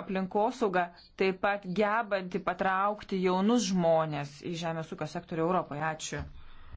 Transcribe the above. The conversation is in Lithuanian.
aplinkosauga taip pat gebanti patraukti jaunus žmonės į žemės ūkio sektorių Europoje. Ačiū.